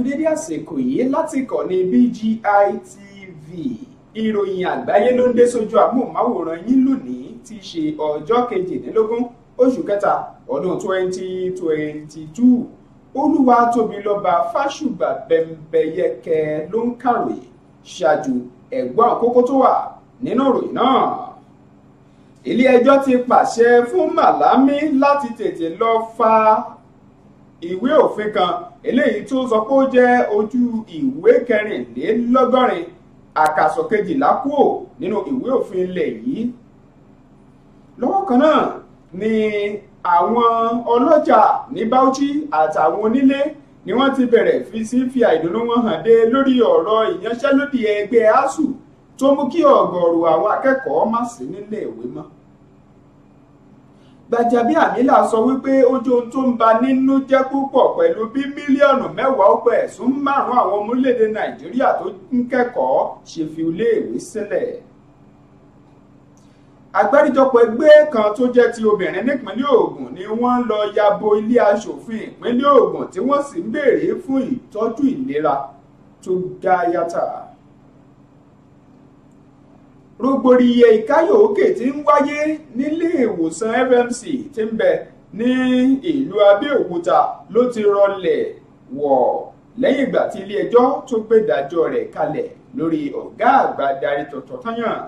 kú dédé àsìkò yìí láti ìkànnì BGI TV ìròyìn àgbáyé ló ń dé sójú àmúhùnmáwòrán yín lónìí tí í ṣe ọjọ́ kejìdínlógún oṣù kẹta ọdún 2022 olúwa tóbi lọ́ba fáṣùgbà bẹ́ńbẹ́yẹkẹ ló ń kàròyìn ṣáájú ẹ̀gbọ́n àkókò tó wà nínú ìròyìn náà ilé ẹjọ́ ti pàṣẹ fún Màlámí láti tètè lọ fa ìwé òfin kan eléyìí tó sọ pé ó jẹ́ ojú ìwé kẹrìnlélọ́gọ́rin àkàsọ̀ kejìlá kúò nínú ìwé òfin ilẹ̀ yìí lọ́wọ́ kan náà ni àwọn ọlọ́jà ní Bauchi àtàwọn onílé ni wọ́n ti bẹ̀rẹ̀ fi sí fi àìdùnnú wọn hàn dé lórí ọ̀rọ̀ ìyanṣẹ́lódì ẹgbẹ́ asuu tó mú kí ọ̀gọ̀ọ̀rọ̀ àwọn akẹ́kọ̀ọ́ má sí nílé ìwé mọ́. Gbajabiamila sọ wípé ó jẹ́ ohun tó ń ba nínú jẹ́ púpọ̀ pẹ̀lú bí mílíọ̀nù mẹ́wàá ọgbà ẹ̀sùn márùn-ún àwọn ọmọ orílẹ̀-èdè Nàìjíríà tó ń kẹ́kọ̀ọ́ ṣe fi iléèwé sílẹ̀ àgbáríjọpọ̀ ẹgbẹ́ kan tó jẹ́ ti obìnrin nípínlẹ̀ Ògùn ni wọ́n lọ ya bo ilé aṣòfin ìpínlẹ̀ Ògùn tí wọ́n sì ń béèrè fún ìtọ́jú ìlera tó dá yàtà rògbòdìyẹ ìkáyòókè tí ń wáyé nílé ìwòsàn FMC tí ń bẹ ní ìlú Abẹ́òkúta ló ti rọlẹ̀ wọ̀ lẹ́yìn ìgbà tí ilé-ẹjọ́ tó gbé ìdájọ́ rẹ̀ kalẹ̀ lórí ọ̀gá àgbà darí tuntun tányàn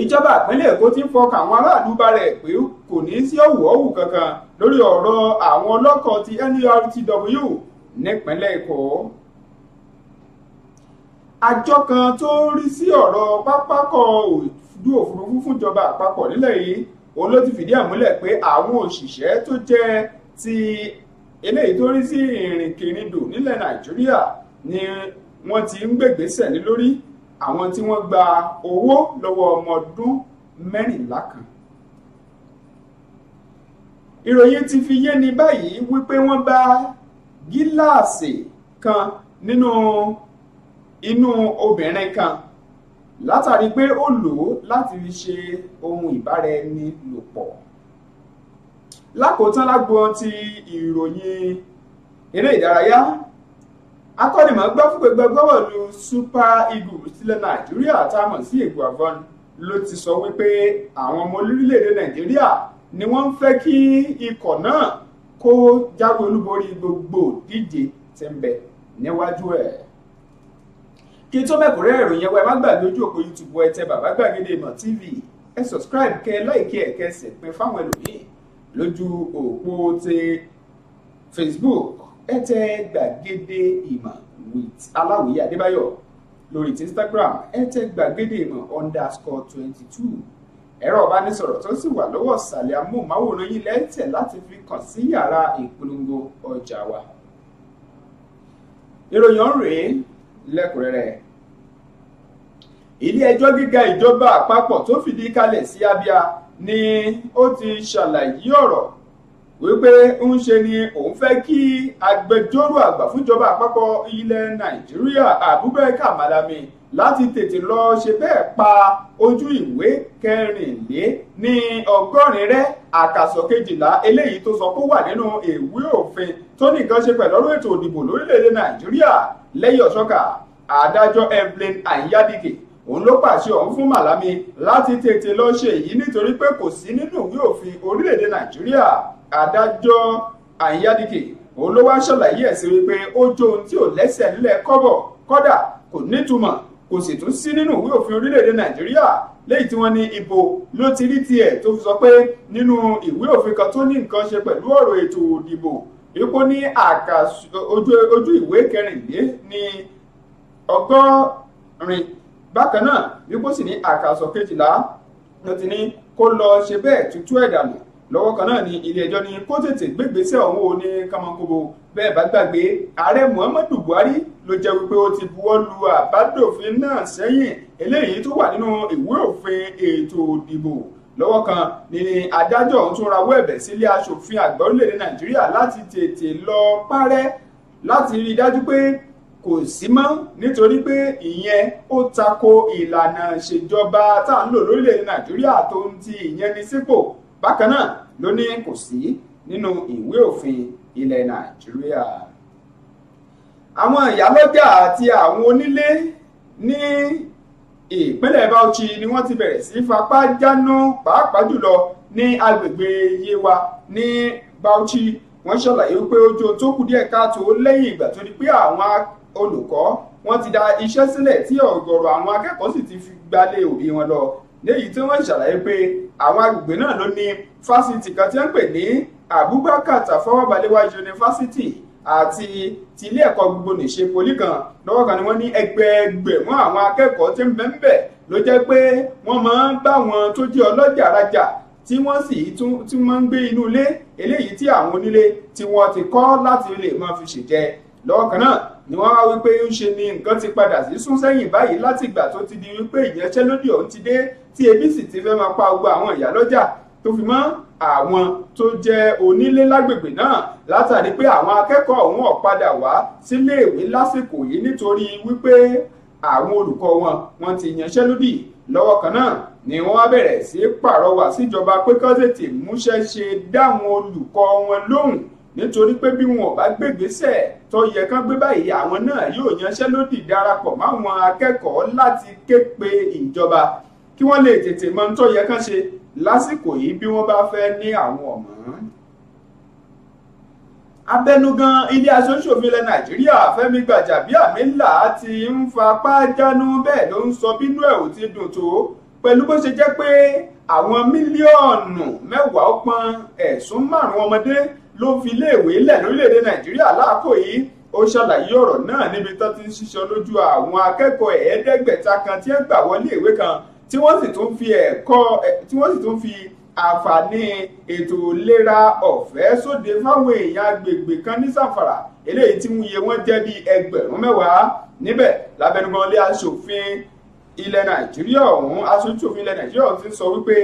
ìjọba àpínlẹ̀ èkó ti ń fọkàn àwọn aráàlú balẹ̀ pé kò ní sí ọ̀wọ̀ọ̀wù kankan lórí ọ̀rọ̀ àwọn ọlọ́kọ̀ ti NURTW nípínlẹ̀ èkó àjọ kan tó ń rí sí ọ̀rọ̀ pápákọ̀ ojú òfurufú fúnjọba àpapọ̀ nílẹ̀ yìí òun ló ti fìdí ẹ̀ múlẹ̀ pé àwọn òṣìṣẹ́ tó jẹ́ ti eléyìí tó rí sí ìrìnkèrindò nílẹ̀ nàìjíríà ni wọ́n ti ń gbègbèsẹ̀ ní lórí àwọn tí wọ́n gba owó lọ́wọ́ ọmọ ọdún mẹ́rìnlá kan ìròyìn ti fi yé ni báyìí wípé wọ́n bá gíláàsì kan nínú inú obìnrin kan látàrí pé ó lò ó láti fi ṣe ohun ìbáraẹni lò pọ̀ lákòótán lágbọn ti ìròyìn eré ìdárayá akọ́nìmọ̀ọ́gbá fúnpẹ̀gbẹ́ gọ́wọ̀lù super eagles tilẹ̀ nàìjíríà tá a mọ̀ sí Ìgbò Avon ló ti sọ wípé àwọn ọmọ orílẹ̀-èdè nàìjíríà ni wọ́n ń fẹ́ kí ikọ̀ náà kó jáwé olúborí gbogbo díje tẹ́ńbẹ̀ níwájú ẹ̀ kí tó mẹ́kúnrẹ́ ìròyìn ẹwà ẹ má gbàgbé ojú òpó youtube ẹ tẹ bàbá gbàgede ìmọ̀ tv ẹ subscribe kẹ láìkí ẹ kẹsẹ̀ pé fáwọn ẹlòmíì lójú òpó ti facebook ẹ tẹ gbàgede ìmọ̀ with aláwìyé adébáyọ̀ lórí ti instagram ẹ tẹ gbàgede ìmọ̀ underscore twenty two ẹ̀rọ ìbánisọ̀rọ̀ tó sì wà lọ́wọ́ ìsàlẹ̀ amóhùnmáwòrán yìí lẹ́tẹ̀ láti fi kàn sí yàrá ìpolongo ọjà wa. ìròyìn ọ̀rẹ́ lẹ́kùnrẹ́rẹ́ ilé ẹjọ́ gíga ìjọba àpapọ̀ tó fìdí kalẹ̀ sí Abia ni ó ti ṣàlàyé ọ̀rọ̀ wípé ń ṣe ni òun fẹ́ kí agbẹjọ́rò àgbà fúnjọba àpapọ̀ ilẹ̀ Nàìjíríà Abubakar Malami láti tètè lọ ṣe bẹ́ẹ̀ pa ojú ìwé kẹrìnlé ní ọgọ́rin rẹ àkàsọ kejìlá eléyìí tó sọ pé ó wà nínú ìwé òfin tó ní ṣe pẹ̀lú ọ̀rọ̀ ètò òdìbò lórílẹ̀‐èdè Nàìjíríà lẹ́yìn ọ̀ṣọ́kà adájọ́ evelyn anyadike òun ló pàṣẹ ọ̀hún fún malami láti tètè lọ ṣe èyí nítorí pé kò sí nínú ìwé òfin orílẹ̀-èdè nàìjíríà adájọ́ anyadike òun ló wá ṣàlàyé ẹ̀sìn wípé ó jó ohun tí ò lẹ́sẹ̀ nílẹ̀ kọ́bọ̀ kọ́dà kò nítumọ̀ kò sì tún sí nínú ìwé òfin orílẹ̀-èdè nàìjíríà lẹ́yìn tí wọ́n ní ibo ló ti rí tiẹ̀ tó fi sọ pé nínú ìwé òfin kan tó ní nǹkan ṣe pẹ̀lú ọ̀rọ̀ ètò ìdìbò ipò ní ojú ìwé kẹrìnlé ní ọgọ́rin bákan náà wípé sì ní àkàsọ̀ kejìlá ló ti ní kó lọ ṣe bẹ́ẹ̀ tútú ẹ̀ dànù lọ́wọ́ kan náà ni ilé ẹjọ́ ní kó tètè gbégbèsè ọ̀hún ò ní kàmọ́kòbò bẹ́ẹ̀ bá gbàgbé ààrẹ muhammadu buhari ló jẹ́ wípé ó ti buwọ́ lu àbádòfin náà sẹ́yìn eléyìí tó wà nínú ìwé òfin ètò ìdìbò lọ́wọ́ kan ni adájọ́ ọ̀hún tún rawọ́ ẹ̀bẹ̀ sílé aṣòfin àgbà orílẹ̀-èdè nàìjíríà láti tètè lọ párẹ́ láti rí i dájú pé kò sí mọ́ nítorí pé ìyẹn ó tako ìlànà ìṣèjọba tá à ń lò lórílẹ̀-èdè nàìjíríà tó ń ti ìyẹn ní sípò bákan náà ló ní kò sí nínú ìwé òfin ilẹ̀ nàìjíríà àwọn ìyálọ́jà àti àwọn onílé ní ìpínlẹ̀ Bauchi ni wọ́n ti bẹ̀rẹ̀ sí fapá jáná pàápàá jùlọ ní agbègbè Yewa ní Bauchi wọ́n ṣàlàyé pé ojú tó kù díẹ̀ káàtó lẹ́yìn ìgbà tó di pé àwọn olùkọ́ wọ́n ti da iṣẹ́ sílẹ̀ tí ọ̀gọ̀rọ̀ àwọn akẹ́kọ̀ọ́ sì ti fi gbalé òbí wọn lọ léyìí tí wọ́n ṣàlàyé pé àwọn agbègbè náà ló ní fásitì kan tí wọ́n pè ní Abubakar Tafawa Balewa àti ti ilé ẹ̀kọ́ gbogbo nìṣe poli kan lọ́wọ́ kan ni wọ́n ní ẹgbẹẹgbẹ̀rún àwọn akẹ́kọ̀ọ́ tí ń bẹ ń bẹ ló jẹ́ pé wọ́n máa ń bá wọn tó jẹ́ ọlọ́jà rajà tí wọ́n sì tí wọ́n ń gbé inú ilé eléyìí tí àwọn onílé tí wọ́n ti kọ́ láti lè máa fi ṣèjẹ lọ́wọ́ kan náà ni wọ́n wá wípé ń ṣe ni nǹkan ti padà sí sún sẹ́yìn báyìí láti ìgbà tó ti di wípé ìyanṣẹ́lódì ọ̀hún ti dé tí ebi sì ti fẹ́ máa pa gbogbo àwọn ìyálọ́jà tó fi mọ́ àwọn tó jẹ́ onílé lágbègbè náà látàrí pé àwọn akẹ́kọ̀ọ́ ọ̀hún ò padà wá síléèwé lásìkò yìí nítorí wípé àwọn olùkọ́ wọn wọ́n ti yanṣẹ́lódì lọ́wọ́ kan náà ni wọ́n á bẹ̀rẹ̀ sí pàrọwà síjọba pé kán tètè múṣẹ́ ṣe dáwọn olùkọ́ wọn lóhùn nítorí pé bí wọn ò bá gbégbésẹ̀ tó yẹ kán gbé báyìí àwọn náà yóò yanṣẹ́lódì darapọ̀ máwọn akẹ́kọ̀ọ́ láti ké pe ìjọba kí wọ́n lè tètè mọ ohun tó yẹ kán ṣe lásìkò yìí bí wọ́n bá fẹ́ ní àwọn ọ̀mọ́ abẹnugan ilé aṣojú-ṣòfin ilẹ̀ nàìjíríà fẹ́mi gbàjàbíàmílà ti ń fapá jánu bẹ́ẹ̀ ló ń sọ bínú ẹ̀ ò ti dùn tó pẹ̀lú bó ṣe jẹ́ pé àwọn mílíọ̀nù mẹ́wàá ó pọn ẹ̀sùn márùn-ún ọmọdé ló fi iléèwé lẹ̀ lórílẹ̀‐èdè nàìjíríà láàkó yìí ó ṣàlàyé ọ̀rọ̀ náà níbi tó ti ń ṣiṣọ́ lójú àwọn akẹ́kọ̀ọ́ ẹ̀ẹ́dẹ́gbẹ̀ta kan tí ń gbà wọlé ìwé kan tí wọ́n sì tún fi ẹ̀kọ́ tí wọ́n sì tún fi àǹfààní ètò ìlera ọ̀fẹ́ sóde fáwọn èèyàn agbègbè kan ní sàfàrà eléyìí tí wọ́n yẹ wọ́n jẹ́ bíi ẹgbẹ̀rún mẹ́wàá níbẹ̀ lábẹnugan ilé aṣòfin ilẹ̀ nàìjíríà ọ̀hún aṣojú òfin ilẹ̀ nàìjíríà ọ̀hún ti sọ wípé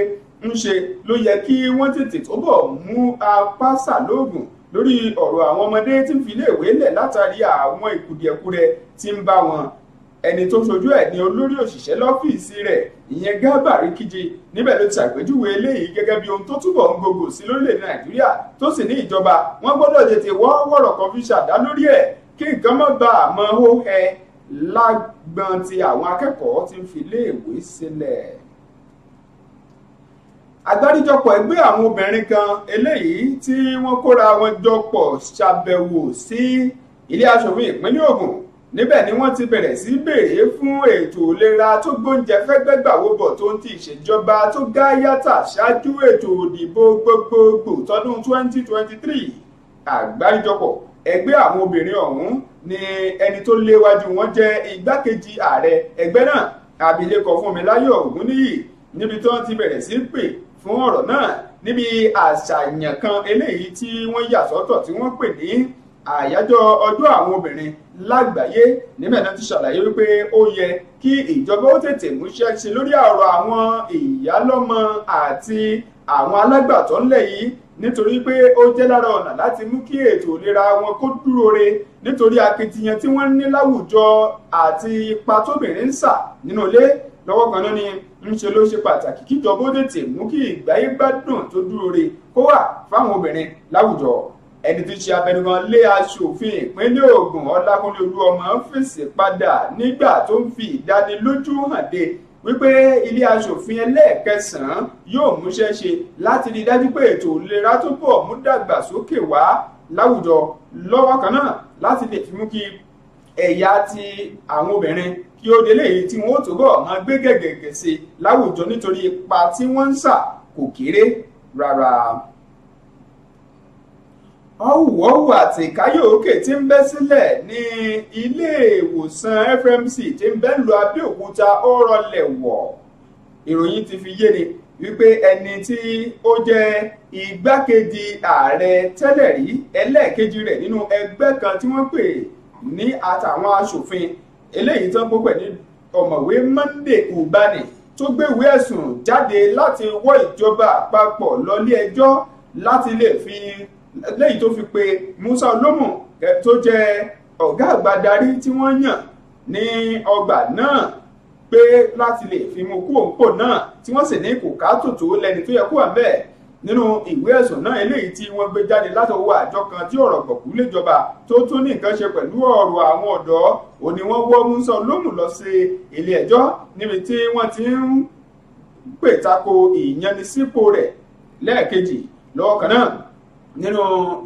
ń ṣe ló yẹ kí wọ́n tètè túbọ̀ mú apáṣà lóògùn lórí ọ̀rọ̀ àwọn ọmọdé tí ń fi iléèwé lẹ̀ látàrí àwọn ìkùdìẹ̀kudiẹ tí ń bá wọn ẹni tó ṣojú ẹ̀ ní olórí òṣìṣẹ́ lọ́fíìsì rẹ̀ ìyẹn Garba Rikici níbẹ̀ ló ti ṣàpèjúwe eléyìí gẹ́gẹ́ bí ohun tó túbọ̀ ń gògò sí lórílẹ̀‐èdè Nàìjíríà tó sì ní ìjọba wọ́n gbọ́dọ̀ tètè wọ́ wọ̀rọ̀ kan fi ṣàdá lórí ẹ̀ kí nǹkan má ba àmọ́ ó hẹ lágbọn tí àwọn akẹ́kọ̀ọ́ ti ń fi iléèwé sílẹ̀ àgbáríjọpọ̀ ẹgbẹ́ àwọn obìnrin kan eléyìí tí wọ́n kóra wọn jọpọ̀ ṣàbẹ̀wò sí ilé aṣòfin ìpínlẹ̀ Ògùn níbẹ̀ ni wọ́n ti bẹ̀rẹ̀ sí béèrè fún ètò ìlera tó gbóúnjẹ fẹ́gbẹ́gbà wọ́bọ̀ tó ń ti ìṣèjọba tó gá yàtà ṣáájú ètò ìdìbò gbogbogbò tọdún 2023 àgbáríjọpọ̀ ẹgbẹ́ àwọn obìnrin ọ̀hún ni ẹni tó léwájú wọn jẹ́ igbákejì ààrẹ ẹgbẹ́ náà abilékọ Fúnmiláyọ̀ Ògúnníyì níbi tó ti bẹ̀rẹ̀ sí pè fún ọ̀rọ̀ náà níbi àṣàyàn kan eléyìí tí wọ́n yà sọ́tọ̀ tí wọ́n pè ní àyájọ́ ọjọ́ àwọn obìnrin lágbàáyé níbẹ̀ náà ti ṣàlàyé wípé ó yẹ kí ìjọba ó tètè múṣẹ́ sí lórí ọ̀rọ̀ àwọn ìyálọ́mọ àti àwọn alágbàtọ́ ńlẹ̀ yìí nítorí pé ó jẹ́ lára ọ̀nà láti mú kí ètò ìlera wọn kó dúró re nítorí akitiyan tí wọ́n ní láwùjọ àti ipa tóbìnrin ń sà nínú ilé lọ́wọ́ kan náà ni ńṣe ló ṣe pàtàkì kíjọba ó tètè mú kí ìgbáyé gbádùn tó dúró re kó wà fáwọn obìnrin láwùjọ ẹni tí ṣe abẹnugan lé aṣòfin ìpínlẹ̀ Ògùn Ọlákúnlé Olúọmọ fèsì padà nígbà tó ń fi ìdánilójú hàn dé wípé ilé aṣòfin ẹlẹ́ẹ̀kẹsàn-án yóò múṣẹ́ ṣe láti rí dájú pé ètò ìlera tó bọ̀ mú dàgbàsókè wá láwùjọ lọ́wọ́ kan náà láti lè fi mú kí ẹ̀yà ti àwọn obìnrin kí ó délé èyí tí wọ́n ó túbọ̀ máa gbé gẹ̀gẹ̀gẹ̀ sí láwùjọ nítorí ipa tí wọ́n ń sà kò kéré rárá ọ̀wọ̀wọ̀ àti káyọ̀ọ́kè tí ń bẹ́ sílẹ̀ ní ilé ìwòsàn FMC tí ń bẹ́ lu Abẹ́òkúta ó rọlẹ̀ wọ̀ ìròyìn ti fi yé ni wípé ẹni tí ó jẹ́ igbákejì ààrẹ tẹ́lẹ̀ rí ẹlẹ́ẹ̀kejì rẹ̀ nínú ẹgbẹ́ kan tí wọ́n pè ní àtàwọn aṣòfin eléyìí tán gbogbo ní ọ̀mọ̀wé Monday Ubani tó gbé ìwé ẹ̀sùn jáde láti wọ́ ìjọba àpapọ̀ lọ ilé ẹjọ́ láti lè fi lẹ́yìn tó fi pe Musa Olómù tó jẹ́ ọ̀gá àgbà darí tí wọ́n yàn ní ọgbà náà pé láti lè fi mú kú òǹpò náà tí wọ́n sì ní kò ká tòtò lẹ́ni tó yẹ kó wà bẹ́ẹ̀ nínú ìwé ẹ̀sùn náà eléyìí tí wọ́n gbé jáde látọwọ́ àjọ kan tí ọ̀rọ̀ gbọ̀kú léjọba tó tún ní nǹkan ṣe pẹ̀lú ọ̀rọ̀ àwọn ọ̀dọ́ òní wọ́n wọ́ Musa Olómù lọ sí ilé ẹjọ́ níbi tí wọ́n ti ń pè tako ìyanisípò rẹ̀ lẹ́ẹ̀kejì lọ́wọ́ kan náà nínú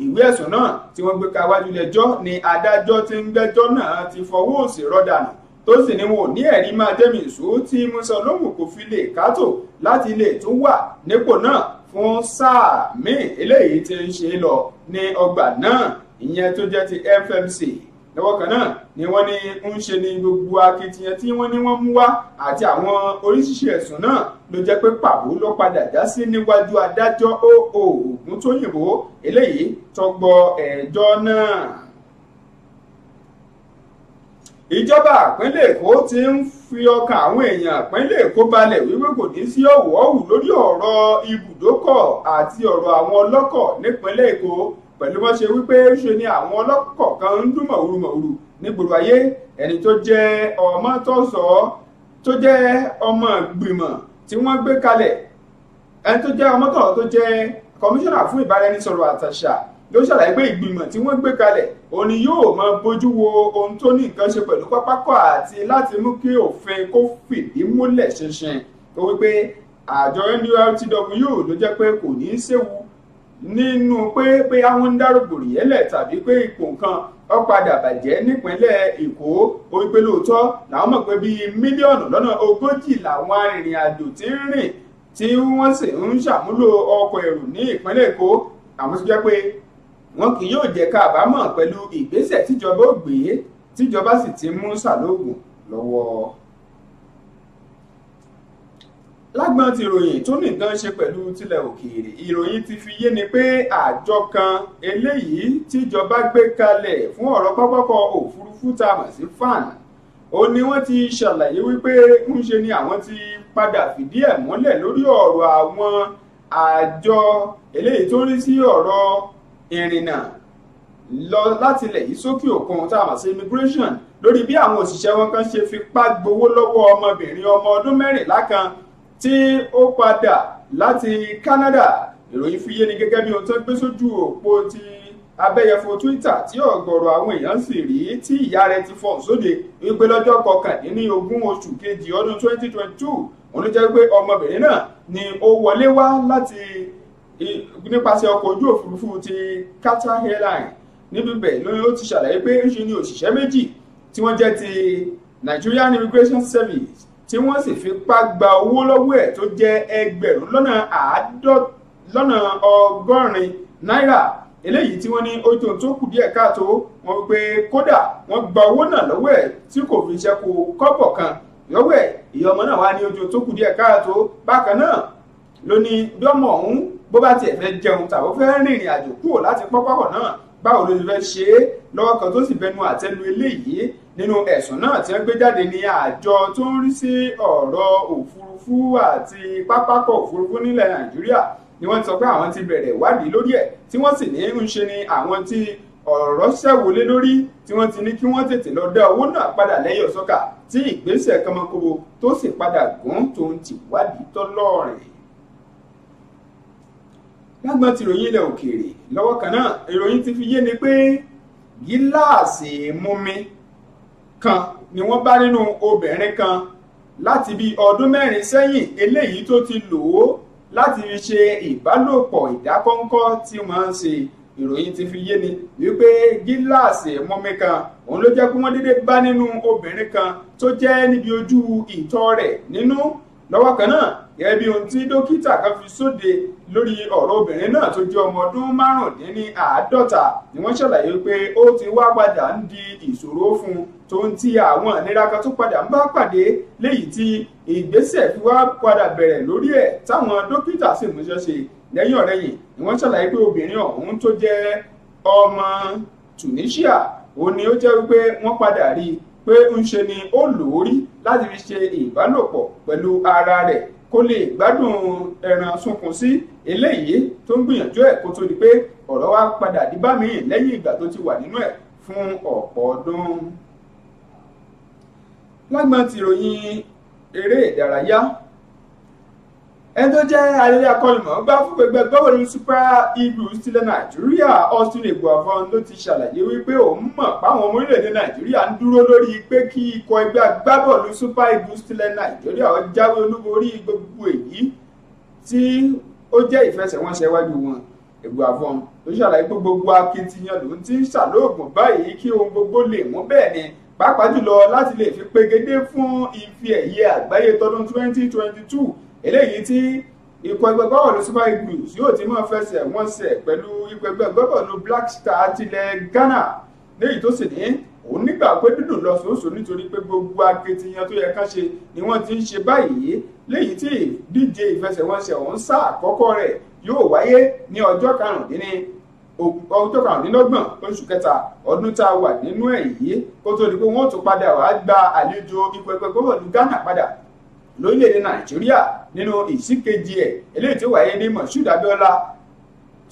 ìwé ẹ̀sùn náà tí wọ́n gbé ka wájú lẹ́jọ́ ni adájọ́ tí ń gbẹ́jọ́ náà ti fọwọ́ òsì rọ́dànù tó sì ní wọn ò ní ẹ̀rí máa jẹ́mi ìṣó tí musa olóhùn kò fi lè kátó láti lè tún wà nípò náà fún sáà míì eléyìí tí ń ṣe lọ ní ọgbà náà ìyẹn tó jẹ́ ti FMC lọ́wọ́ kan náà ni wọ́n ní ń ṣe ni gbogbo akitiyan tí wọ́n ní wọ́n mú wá àti àwọn oríṣiríṣi ẹ̀sùn náà ló jẹ́ pé pàbó ló padà já sí níwájú adájọ́ oo Ògúntóyìnbó eléyìí tọgbọ ẹjọ́ náà. ìjọba ìpínlẹ̀ Èkó ti ń fi ọkàn àwọn èèyàn ìpínlẹ̀ Èkó balẹ̀ wípé kò ní sí ọ̀wọ́ọ̀wù lórí ọ̀rọ̀ ibùdókọ̀ àti ọ̀rọ̀ àwọn ọlọ́kọ̀ nípínlẹ̀ Èkó pẹ̀lú wọ́n ṣe wípé ṣe ni àwọn ọlọ́kọ̀ kan ń dún mọ̀wúrú mọ̀wúrú nígboro ayé ẹni tó jẹ́ ọmọ tó sọ tó jẹ́ ọmọ gbìmọ̀ tí wọ́n gbé kalẹ̀ ẹni tó jẹ́ ọmọ tọ̀ tó jẹ́ kọmíṣánná fún ìbáraẹnisọ̀rọ̀ àtàṣà ló ṣàlàyé pé ìgbìmọ̀ tí wọ́n gbé kalẹ̀ òun ni yóò máa bójú wo ohun tó ní nǹkan ṣe pẹ̀lú pápákọ̀ àti láti mú kí òfin kó fìdí múlẹ̀ ṣinṣin tó wípé àjọ NULTW ló jẹ́ pé kò ní í séwu nínú pé bóyá wọ́n ń dárògbò yẹ́lẹ̀ tàbí pé ipò nǹkan ó padà bàjẹ́ nípínlẹ̀ èkó orí pé lóòótọ́ làwọn mọ̀ pé bíi mílíọ̀nù lọ́nà ogójì làwọn arìnrìn àjò ti ń rìn tí wọ́n sì ń ṣàmúlò ọkọ̀ èrò ní ìpínlẹ̀ èkó àwọn tó jẹ́ pé wọn kì yóò jẹ́ kábàámọ̀ pẹ̀lú ìgbésẹ̀ tíjọba ó gbé tíjọba sì ti mú sàlóògùn lọ́wọ́ lágbọ́n ti ìròyìn tó ní nǹkan ṣe pẹ̀lú tilẹ̀ òkèèrè ìròyìn ti fi yé ni pé àjọ kan eléyìí tíjọba gbé kalẹ̀ fún ọ̀rọ̀ pápákọ̀ òfurufú tá a mọ̀ sí fan ó ní wọ́n ti ṣàlàyé wípé ń ṣe ni àwọn ti padà fìdí ẹ̀ mọ́lẹ̀ lórí ọ̀rọ̀ àwọn àjọ eléyìí tó rí sí ọ̀rọ̀ ìrìnnà lọ láti ilẹ̀ yìí sókè òkun tá a mọ̀ sí immigration lórí bí àwọn òṣìṣẹ́ wọn kan ṣe fipá gbowó lọ́wọ́ ọmọbìnrin ọmọ ọdún mẹ́rìnlá kan tí ó padà láti Canada ìròyìn fi yé ni gẹ́gẹ́ bí ohun tó gbé sójú òpó ti abẹ́yẹfò Twitter tí ọ̀gọ̀rọ̀ àwọn èèyàn sì rí tí ìyá rẹ̀ ti fọ̀ sóde wípé lọ́jọ́ kọkàndínlógún oṣù kejì ọdún 2022 òun ló jẹ́ pé ọmọbìnrin náà ni ó wọlé wá láti nípasẹ̀ ọkọ̀ ojú òfurufú ti Qatar Airlines níbi bẹ́ẹ̀ lórí ó ti ṣàlàyé pé ń ṣe ni òṣìṣẹ́ méjì tí wọ́n jẹ́ ti Nigerian Immigration Service tí wọ́n sì fipá gba owó lọ́wọ́ ẹ̀ tó jẹ́ ẹgbẹ̀rún lọ́nà lọ́nà ọgọ́rin náírà eléyìí tí wọ́n ní ojú tó kù díẹ̀ káàtó wọ́n pé kódà wọ́n gba owó náà lọ́wọ́ ẹ̀ tí kò fi ṣẹ́kù kọ́bọ̀ kan lọ́wọ́ ẹ̀ ìyá ọmọ náà wá ní ojú tó kù díẹ̀ káàtó bákan náà ló ní bí ọmọ ọ̀hún bó bá tiẹ̀ fẹ́ jẹun tàbí fẹ́ rìnrìn àjò kúrò láti pọ́pọ́kọ̀ náà báwo ló ti fẹ́ ṣe é lọ́wọ́ kan tó sì fẹnu àtẹnu eléyìí nínú ẹ̀sùn náà tí wọ́n gbé jáde ní àjọ tó ń rí sí ọ̀rọ̀ òfurufú àti pápákọ̀ òfurufú nílẹ̀ nàìjíríà ni wọ́n ti sọ pé àwọn ti bẹ̀rẹ̀ ìwádìí lórí ẹ̀ tí wọ́n sì ní ń ṣe ni àwọn tí ọ̀rọ̀ ṣẹ̀wọlé lórí tí wọ́n ti ní kí wọ́n tètè lọ dá owó náà padà lẹ́yìn ọ̀sọ́kà tí ìgbésẹ̀ kọmọkòwò tó sì padà gùn tó ń tìwádìí tọ́lọ́rìn lágbọ́n ti ròyìn ilẹ̀ òkèèrè lọ́wọ́ kan náà ìròyìn ti fi yé ni pé gíláàsì mumi kan ni wọ́n bá nínú obìnrin kan láti bí ọdún mẹ́rin sẹ́yìn eléyìí tó ti lò ó láti fi ṣe ìbálòpọ̀ ìdákọ́ńkọ́ tí wọ́n ń ṣe ìròyìn ti fi yé ni wípé gíláàsì mọ́mí kan òun ló jẹ́ pé wọ́n dédé bá nínú obìnrin kan tó jẹ́ níbi ojú ìtọ́ rẹ̀ nínú lọ́wọ́ kan náà gẹ́gẹ́ bí ohun tí dókítà kan fi sóde lórí ọ̀rọ̀ obìnrin náà tó jẹ́ ọmọ ọdún márùndínláàádọ́ta ni wọ́n ṣàlàyé pé ó ti wá padà ń di ìṣòro fún un tó ń ti àwọn ìnira kan tó padà ń bá pàdé léyìí tí ìgbésẹ̀ fi wá padà bẹ̀rẹ̀ lórí ẹ̀ táwọn dókítà sì múṣẹ́ ṣe lẹ́yìn ọ̀rẹ́yìn ni wọ́n ṣàlàyé pé obìnrin ọ̀hún tó jẹ́ ọmọ Tunisia ó ní ó jẹ́ wípé wọ́n padà rí i pé ń ṣe ni ó lòórí láti fi ṣe ìbálòpọ̀ pẹ̀lú ara rẹ̀ kó lè gbádùn ẹran sunkún sí eléyìí tó ń gbìyànjú ẹ̀ kó tó di pé ọ̀rọ̀ wa padà dé bá mi lẹ́yìn ìgbà tó ti wà nínú ẹ̀ fún ọ̀pọ̀ ọdún. lágbọ́n ti ròyìn eré ìdárayá ẹni tó jẹ́ alẹ́lẹ́ akọ́nimọ̀ gbá fún gbẹgbẹ́ gbọ́wọ́ ní Super Eagles tilẹ̀ Nàìjíríà Austin Eguavoen ló ti ṣàlàyé wípé òun mọ̀ páwọn ọmọ orílẹ̀-èdè Nàìjíríà ń dúró lórí pé kí ikọ̀ ẹgbẹ́ agbábọ́ọ̀lù Super Eagles tilẹ̀ Nàìjíríà ó jáwé olúborí gbogbo èyí tí ó jẹ́ ìfẹsẹ̀wọnsẹ̀ iwájú wọn Eguavoen ló ṣàlàyé pé gbogbo akitiyan lòun ti ń ṣàlóògùn báyìí kí ohun gbogbo lè mú bẹ́ẹ̀ ni pàápàá jùlọ láti lè fi pegedé fún ife ẹ̀yẹ àgbáyé tọdún 2022 eléyìí tí ikọ̀ ẹgbẹ̀gbọ́wọ̀ ló Super Eagles yóò ti máa fẹsẹ̀ wọn sẹ̀ pẹ̀lú ikọ̀ ẹgbẹ̀gbọ́wọ̀ ló Black Star tilẹ̀ Ghana léyìí tó sì ní òun nígbà pé dídùn lọ sòósò nítorí pé gbogbo akitiyan tó yẹ ká ṣe ni wọ́n ti ń ṣe báyìí léyìí tí ìdíje ìfẹsẹ̀wọnsẹ̀ ọ̀hún sáà àkọ́kọ́ rẹ̀ yóò wáyé ní ọjọ́ karùndínní ọjọ́ karùndínlọ́gbọ̀n oṣù kẹta ọdún tá a wà nínú ẹ̀ yìí kó tó di pé wọ́n tún padà wàá gba àlejò ikọ̀ ẹgbẹ́ gbọ́dọ̀ lu Ghana padà lórílẹ̀‐èdè nàìjíríà nínú ìsìnkejì ẹ̀ eléyìí tó wáyé ní moshood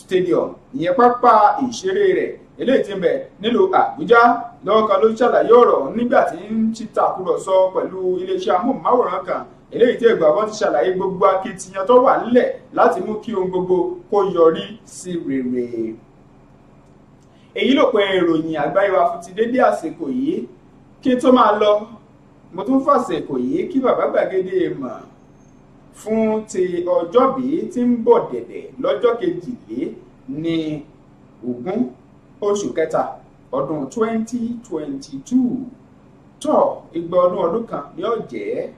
stadium ìyẹn pápá ìṣeré rẹ̀ eléyìí ti ń bẹ nílùú àbújá lọ́kàn ló ṣàlàyé ọ̀rọ̀ nígbà tí ń ti tàkúrọ̀sọ pẹ̀lú iléeṣẹ́ amóhùnmáwòrán kan eléyìí tí ẹgbẹ́ ọkọ ti ṣàlàyé gbogbo akitiyan tó wà nílẹ̀ láti mú kí ohun gbogbo kó yọrí sí rere èyí ló pé ìròyìn àgbáyé wa fún ti dédé àsìkò yìí kí tó máa lọ mo tún fàsìkò yìí kí bàbá gbàgede mọ̀ fún ti ọjọ́bí tí ń bọ̀ dẹ̀dẹ̀ lọ́jọ́ kejìlé ní ogún oṣù kẹta ọdún 2022 tó igba ọdún ọdún kan ní ọ̀jẹ́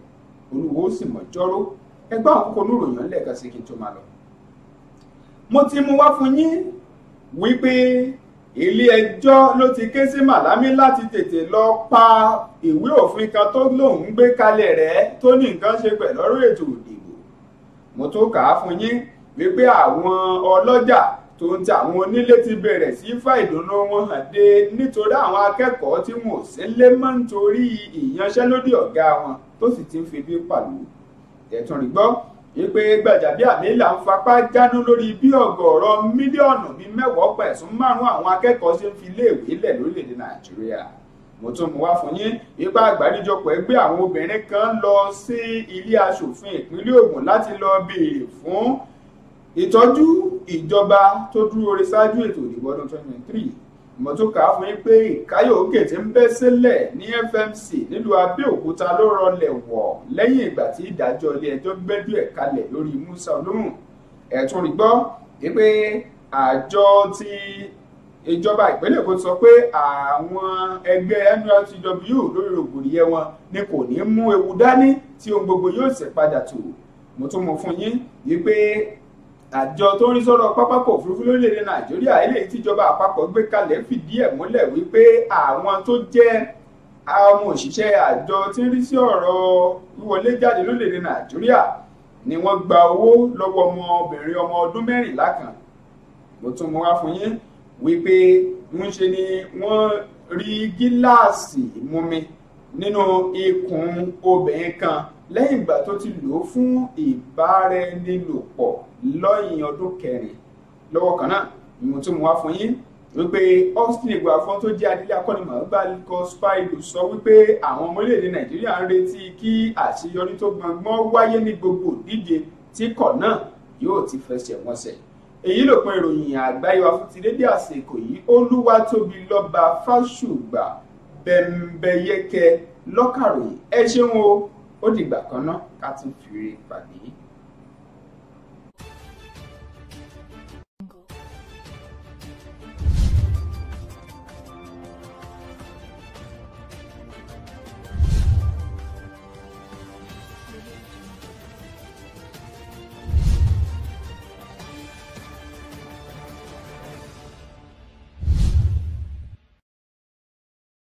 olúwo sì mọ̀ jọ́rọ́ ẹgbẹ́ àkókò oníròyìn lẹ́ẹ̀kan sí kí n tó máa lọ. mo ti mú wá fún yín wípé ilé-ẹjọ́ ló ti ké sí Malami láti tètè lọ pa ìwé òfin kan tó lòun ń gbé kalẹ̀ rẹ̀ tó ní nǹkan ṣe pẹ̀lú ọ̀rọ̀ ètò ìdìbò mo tún kà á fún yín wípé àwọn ọlọ́jà tó ń ta àwọn onílé ti bẹ̀rẹ̀ sí fa ìdùnnú wọn hàn dé nítorí àwọn akẹ́kọ̀ọ́ tí wọn ò sí lé mọ́ nítorí ìyanṣẹ́lódì ọ̀gá wọn tó sì ti ń fi bí pàlú ẹ̀tún rí gbọ́ wípé Gbajabiamila ń fapá jánu lórí bí ọ̀gọ̀ọ̀rọ̀ mílíọ̀nù bíi mẹ́wàá ọgbà ẹ̀sùn márùn-ún àwọn akẹ́kọ̀ọ́ ṣe ń fi iléèwé lẹ̀ lórílẹ̀‐èdè Nàìjíríà mo tún mú wá fún yín ipá àgbáríjọpọ̀ ẹgbẹ́ àwọn obìnrin kan lọ sí ilé aṣòfin ìpínlẹ̀ Ògùn láti lọ béèrè fún ìtọ́jú ìjọba tó dúró re ṣáájú ètò ìdìbò ọdún 2023 mo tún kà á fún yín pé ìkáyọ̀ tí ń bẹ́ sílẹ̀ ní FMC nílùú Abẹ́òkúta ló rọlẹ̀ wọ̀ lẹ́yìn ìgbà tí ìdájọ́ ilé ẹjọ́ gbẹ́jú ẹ̀ kalẹ̀ lórí Musa Olóhùn ẹ̀tún rí gbọ́ wípé àjọ ti ìjọba ìpínlẹ̀ Èkó sọ pé àwọn ẹgbẹ́ NURTW lórí rògbòdìyẹ wọn ni kò ní mú ewu dání tí ohun gbogbo yóò sì padà tò mo tún mọ fún yín wípé àjọ tó ń rí sọ̀rọ̀ pápákọ̀ òfurufú lórílẹ̀‐èdè nàìjíríà eléyìí tíjọba àpapọ̀ gbé kalẹ̀ fìdí ẹ̀ múlẹ̀ wípé àwọn tó jẹ́ àwọn òṣìṣẹ́ àjọ tí ń rí sí ọ̀rọ̀ wíwọlé jáde lórílẹ̀‐èdè nàìjíríà ni wọ́n gba owó lọ́wọ́ ọmọbìnrin ọmọ ọdún mẹ́rìnlá kan mo tún mú wá fún yín wípé ń ṣe ni wọ́n rí gíláàsì mumi nínú ikùn obìnrin kan lẹ́yìn ìgbà tó ti lò ó fún ìbáraẹnilòpọ̀ lọ́yìn ọdún kẹrin lọ́wọ́ kan náà ìwọ̀n tó mú wá fún yín wípé austin egbafon tó jẹ́ adílé akọ́nimọ̀ọ́gbá Conspirado sọ wípé àwọn ọmọ orílẹ̀-èdè nàìjíríà ń retí kí àṣeyọrí tó gbọngbọ́n wáyé ní gbogbo òdíje tí kọ̀ náà yóò ti fẹsẹ̀ wọnsẹ̀ èyí lòpin ìròyìn àgbáyé wa fún ti dédé àsìkò yìí olúwatóbi lọ́ba fásùgbà bẹ̀m̀bẹ̀yẹkẹ lọ́kàròyìn ẹ ṣeun o ó dìgbà kan náà ká tún fìrí pàdé.